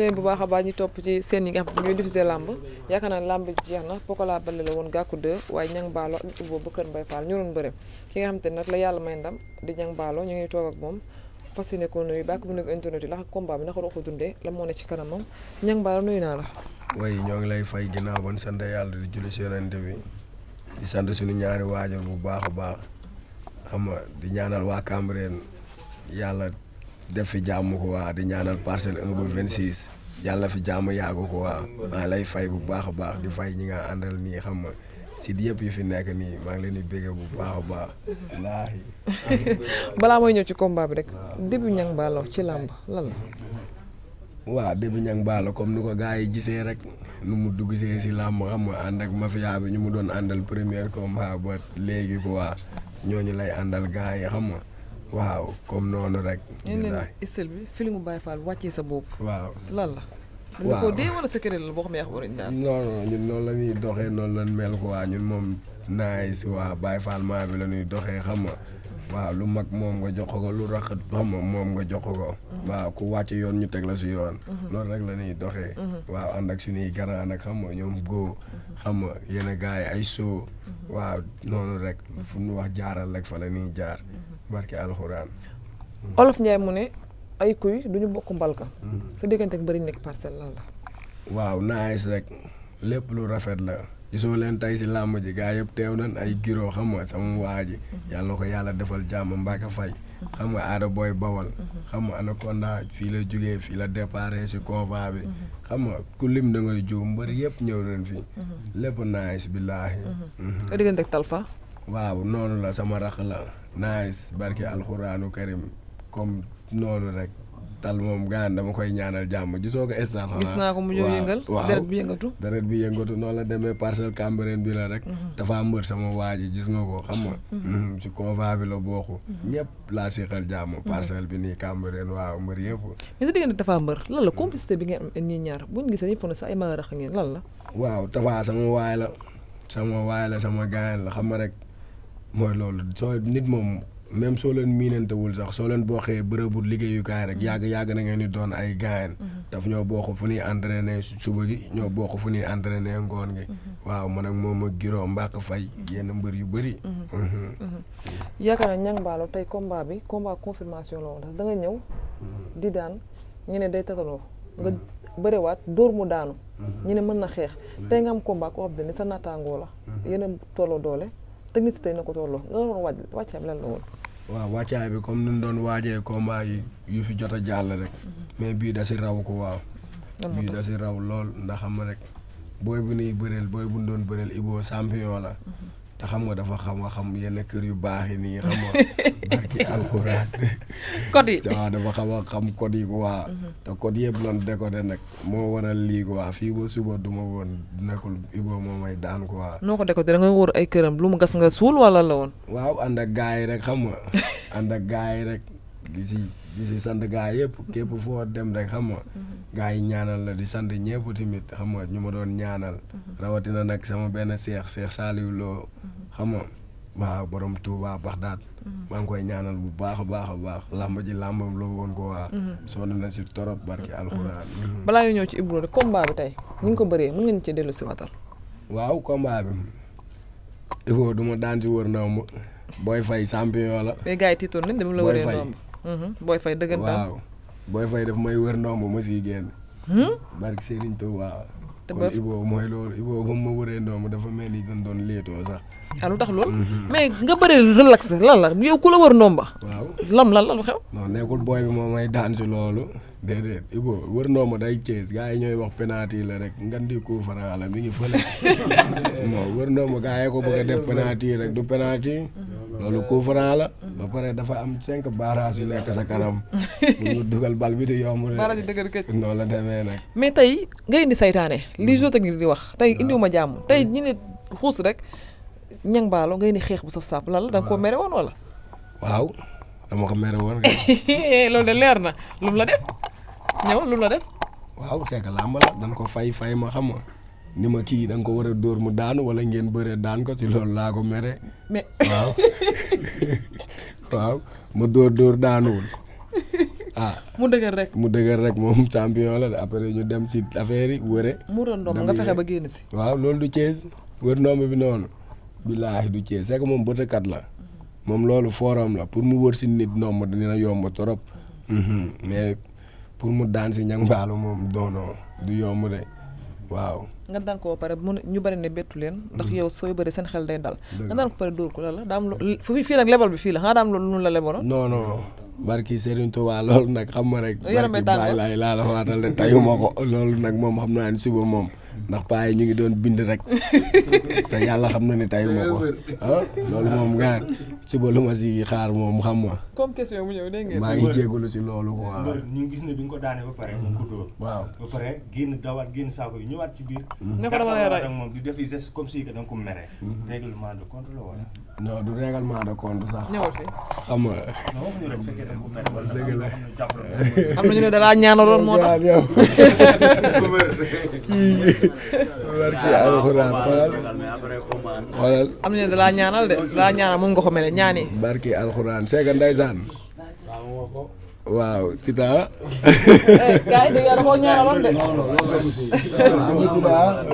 leen bu baax a baax ñu topp ci seen yi nga xam ñooy diffusé làmb yaakaar naa làmb jeex na Pokola Baldé la woon gàkku 2 waaye ñang baalo ak Ibou bu Kër Mbaye Fall ñoroon bëre ki nga xam te nag la yàlla may ndam di ñang baalo ñu ngi toog ak moom fas yéene ko nuyu bàkk bu nekk internet yi ndax combat bi naka la ko dundee la moo ne ci kanamam ñang baalo nuyu naa la way ñoo ngi lay fay ginnaaw ban sant yàlla di julli si yonent bi di sant suñu ñaari bu baax a baax xam nga di ñaanal waa Cambérène yàlla def fi jàmm ko waa di ñaanal parcelle 1 ba 26 yàlla fi jàmm yaagu ko waa maa lay fay bu baax a baax di fay ñi nga àndal nii xam nga si di yëpp yi fi nekk nii maa ngi leen di béggee bu baax a baax. wallaahi. balaa mooy ñëw ci combat bi rek. début Niang Ballo ci làmb lan la. waaw début Niang Ballo comme ni ko gaa yi gisee rek nu mu dugg see si làmb xam nga ànd ak mafia bi ñu mu doon àndal première combat ba léegi ko waa ñoo ñu lay àndal gars yi xam nga. waaw comme noonu rek. yéen leen style bi filimu Baye Fall wàccee sa bopp. waaw lan la. waaw la boo xam ne yàqu nañu daal. non noonu la ñuy doxee noonu la mel ko waa ñun moom naay si waa Baye Fall maa bi la ñuy doxee xam nga waaw lu mag moom nga jox ko lu raxat xam moom nga jox ko. Mhm. waaw ku wàcc yoon ñu teg la si yoon. loolu mhm. rek la doxee. Mhm. waaw ànd ak suñuy garaan ak xam nga ñoom góo. xam nga yenn gars yi ay soo. waaw noonu rek fu ñu wax jaaral rek fa la jaar. barke alxuraan. olof Ndiaye mu ne ay kuy du ñu bokk mbalka. Hmm. sa diggante ak bëri nekk parcelle lan la. waaw nice rek lépp lu rafet la. gisoo leen tey si làmb ji gaa yëpp teew nañ ay giroo xam nga sama waa ji. Hmm. yàlla na ko yàlla defal jàmm Mbacke Faye. Hmm. xam nga aada booy bawal. xam nga anaconda fii la jógee fii la déparé si convoi bi. xam nga ku lim da ngay juum mbër ñëw nañ fi. lépp nice billaahi. nga diggante ak Talfa. waaw noonu la sama rax la nice barki alxuraanu karim comme noonu rek tal moom gaan dama koy ñaanal jàmm gisoo ko instant xanaa gis naa ko mu yëngal deret bi yëngatu deret bi yëngatu noonu la demee parcelle Cambérène bi la rek mhm. dafa mbër sama waa gis ko xam nga si mhm. mhm, convoi la laa siixal jàmm parcelle am ñi ñaar buñ gisee ñëpp na sax ay sama waay la sama waay la xam nga rek mooy loolu soo nit moom même soo leen miinantewul sax soo leen boo xëyee bërëbu liggéeyukaay rek yàgg yàgg na ngeen di doon ay gaayen mm-hmm. daf ñoo bokk fu ñuy entraîné suba gi ñoo bokk fu ñuy entraîné ngoon gi mm-hmm. waaw man ak moom ak giroo mbàq fay yenn mbër yu bëri mm-hmm. yaakaar naa ñang mbaalo tey combat bi combat confirmation la woon ndax ñëw di daan ñu ne day tataloo nga bëriwaat dóor mu daanu ñu ne mën na xeex tey nga am combat ko xam ne sa nattaangoo la yéen a doole technicité yi na ko tolloo nga waroon waaj bi lan la woon. waaw wàccaay bi comme ni mu doon waajee combat yi yu fi jot a jàll rek. mais bii da si raw ko waaw. bii da si raw lool ndax xam rek booy bu nuy bëreel booy bu ñu doon bëreel Ibo champion la. te nga dafa xam xam yenn kër yu baax yi nii xam nga barki alxuraan code yi waaw dafa xam xam code yi quoi mhm. te code yëpp lan décodé nag moo waral lii quoi fii ba suba duma woon nekkul Ibo moo may daan quoi noo ko décodé da nga wóor ay këram lu mu gas nga suul wala la woon waaw ànd ak gars yi rek xam nga ànd ak gars yi rek gisi di si sant gaa yëpp képp foo dem rek xam nga mm-hmm. gaa yi ñaanal la di sant ñëpp tamit xam nga ñu ma doon ñaanal mm-hmm. rawatina nag sama benn seex seex Saliou Lo mm-hmm. xam nga waaw borom Touba Baxdaat maa ngi koy ñaanal bu baax a baax baax làmb ji làmbam la woon ko waa sonn na si torop barki alxuraan balaa yoo ñëw ci Ibro rek combat bi tey ni nga ko bëree mën ngeen ci dellu si watal waaw combat bi Ibro du daan si wër ndomb booy fay champion la mais gars yi tiitoon nañ dama Mhm. booy fay dëggantaan waaw booy fay daf may wër ndomb ma siy génn. Hmm? barke Serigne Touba. te ba loolu Ibou ba ma wëree ndomb dafa mel ni dañ doon leetoo sax. ah loolu. Mhm. mais nga bëree la la lu xew. non nekkul booy bi moom may daan si loolu. déedéet Ibou wër ndomba day Cees gars yi ñooy wax penalty la rek ngan di coup franc la ngi fële. non wër ndomba gars yi ko bëgg a def penalty rek du penalty. Mhm. loolu coup franc la. ba pare dafa am cinq barrages yu nekk sa kanam. ñu dugal bal bi di yomb rek. barrage yu dëgër këj noonu la tey ngay indi saytaane. li géotechnique di wax tey indiwuma jàmm tey ñu ne xuus rek ñang baalo ngay xeex bu saf saaf lan koo mere waaw dama ko mere woon. loolu de leer na lu mu la def ñëw lu mu la def. waaw fekk làmb la dañ ko fay fay ma xam ni ma kii da nga ko war a dóor mu daan wala ngeen bëre daan ko ci loolu laa ko mere. mais waaw ma dóor dóor daanuwul ah. mu dëgër rek mu dëgër rek moom champion la après ñu dem si affaire yi wëre. mu doon ndomb nga fexe ba génn si waaw loolu du Cees wër ndomb bi noonu. billaahi du Cees c'est moom bëtëkat la. moom loolu forum la pour mu wër ci nit ndomb dina yomb torop mm-hmm. Mm-hmm. mais pour mu daan ci ñang baalu moom doonoo du yomb de. waaw nga daan ko ba pare mun ñu bëri ne bettu leen ndax mm-hmm. yow sooy bëri seen xel day dal nga daan ko pare dóor ko la la daam lu fii nag lebal bi fii la xanaa daam loolu lunu la lebaloon non non barki Serigne Touba loolu nag xam ma rek barki bàyyi laay laa la waatal de tayu ma ko loolu nag moom xam naa ne suba moom ndax paa yi ñu ngi doon bind rek te yàlla xam na ne tey ma ko ah, loolu moom nga suba lu ma si xaar moom xam ma. comme question mu ñëw dégg maa ngi jégalu si loolu quoi. ñu gis ne bi nga ko daanee ba pare. Mm-hmm. waaw ba pare génn dawaat génn saako yi ñëwaat ci biir. ne fa dama lay rey moom di def geste comme si que da nga ko meree. Mm-hmm. non du règlement de compte xam na ñu ne da ñaanal de da ñaanal moom nga ko mel ñaani. barki alxuraan c'est que ndeysaan. waaw Tita. Eh, gars yi dégg nga de.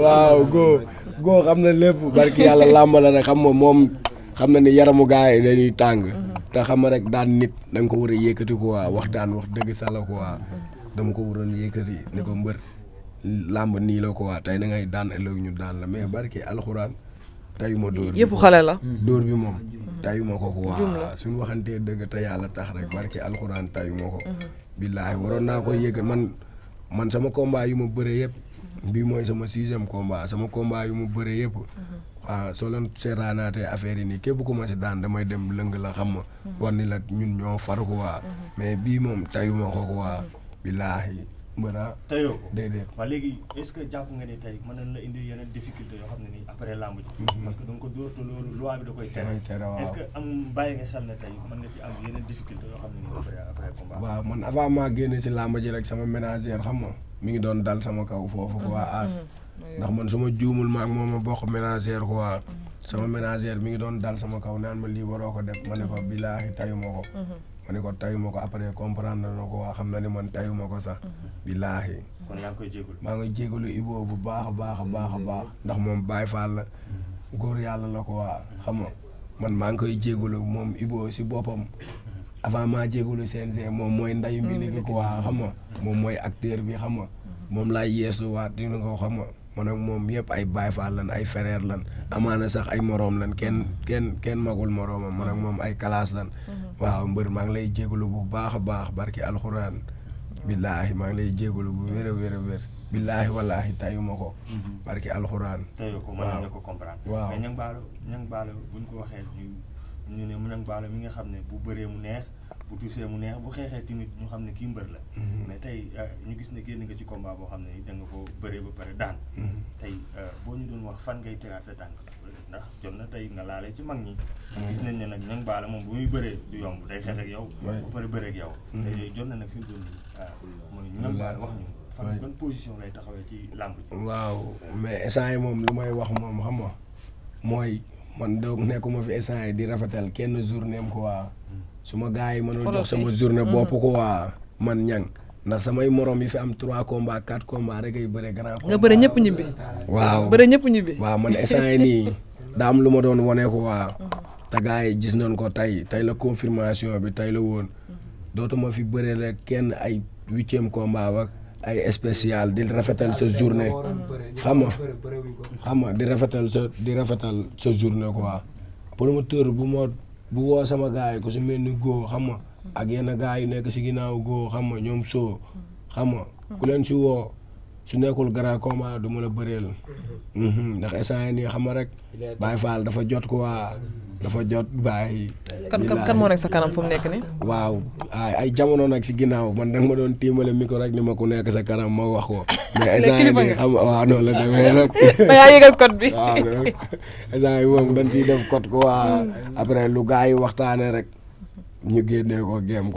waaw góor góor xam na lépp. barki yàlla làmb rek xam moom. xam na ni yaramu gars yi dañuy tàng. Mhm. te xam nga rek daan nit danga ko war a yëkkati quoi waxtaan wax dëgg ko waa dama ko waroon yëkkati ni ko mbër làmb nii la waa tey da ngay daan ëllëg ñu daan la mais barki alxuraan tayuma dóor yëfu xale la dóor bi moom tayuma ko ko quoi suñu waxantee dëgg te yàlla tax rek barki alxuraan tayuma ko mhm. billaahi waroon naa ko yëkkat man man sama combat yu ma bëre yëpp bii mooy sama sixième combat sama kombaa yu ma bëre yëpp mhm. ah soo leen seetaanaatee affaire yi nii képp ku ma si daan damay dem lëng la xam ma. Mhm. war ni la ñun ñoo faru ko waa. Mhm. mais bii moom tayuma ko ko mhm. ah. ko déedéet. waaw léegi est-ce nga ni tey mën nañ la indi yeneen yoo xam ne nii après làmb ji. parce que da nga ko dóor te am bàyyi nga xel ne tey xam ne nii après maa génne si làmb ji rek sama ménagère xam ma mi ngi doon dal sama kaw foofu waa aas. ndax man su ma juumul ma ak moom ma bokk ménagère quoi. Mm-hmm. sama ménagère mi ngi doon dal sama kaw naan ma lii waroo ko def ma ne ko mm-hmm. bilaahi tayuma ko. Mm-hmm. ma ne ko tayuma ko après ko waa xam na ne man tayuma ko sax. bilaahi. kon yaa maa ngi jégalu Ibou bu baax a baax a baax a baax ndax moom Baye Fall la. yàlla la ko waa xam nga man maa ngi koy jégalu moom Ibou si boppam. avant maa jégalu CNG moom mooy ndayu mbi ko waa xam moom mooy acteur bi xam nga moom laay yeesuwaat dina ko xam man ak moom yëpp ay baay faal lan ay frère lan amaana sax ay moroom lan kenn kenn kenn magul moroomam man ak moom ay kalaas lan mhm. waaw mbër maa ngi lay jégalu bu baax a baax barki alxuraan billaahi maa ngi lay jégalu bu wér a wér a billaahi wallaahi tayu ko mhm. barki alxuraan tayu ko mën nañu ko comprendre waaw mu ñang xam ne bu bëree mu neex bu tuusee mu neex bu xeexee tamit ñu xam ne kii mbër la. Mm-hmm. mais tey euh, ñu gis ne génn nga ci combat boo xam ne da nga ko bëree ba pare daan. Mm-hmm. tey euh, boo ñu doon wax fan ngay tegaat sa tànk ndax jot na tey nga laale ci mag ñi. Mm-hmm. gis nañ ne nag ñoom baala moom bu muy bëree du yomb day xeex ak yow. ba pare bëree ak yow. te yooyu jot na nag fi mu doon euh, mooy ñu ñoom baala wax ñu. fan ban position lay taxawee ci làmb ji. waaw mais instant yi moom lu may wax xam nga mooy man doog nekkuma fi instant di rafetal kenn journée am quoi. su ma gars yi mënul jox sama journée mm-hmm. bopp ko waa man ñang ndax samay moroom yi fi am 3 combats 4 combats rek ay bëre grand. nga bëre ñëpp ñibbi. waaw bëre ñëpp ñibbi. waa man instant yii nii daa lu ma doon wane ko waa. te gars yi gis noon ko tey tey la confirmation bi tey la woon. Mm-hmm. dootuma fi bëree la kenn ay huitième combat ak ay spécial di rafetal sa journée. Mm-hmm. xam nga xam nga di rafetal sa di rafetal sa journée quoi promoteur bu ma. bu woo sama gars yi ku si mel ni góo ak yenn gars yi nekk si ginnaaw góo xam nga ñoom soo xam nga ku leen si woo su nekkul grand combat du mën a bëreel mhm. ndax instant nii xam nga rek Baye Fall dafa jot quoi dafa jot Baye. kan kan moo nekk sa kanam fu mu nekk nii. waaw ay jamono nag si ginnaaw man danga ma doon tiimale micro rek ni ma ku nekk sa kanam ma wax ko. mais instant yii nii xam waaw noonu la demee nag. da ngaa yëgal kot bi. waaw instant yii moom dañ ciy def code mm. après lu gars yi waxtaanee rek ñu génnee ko géem ko.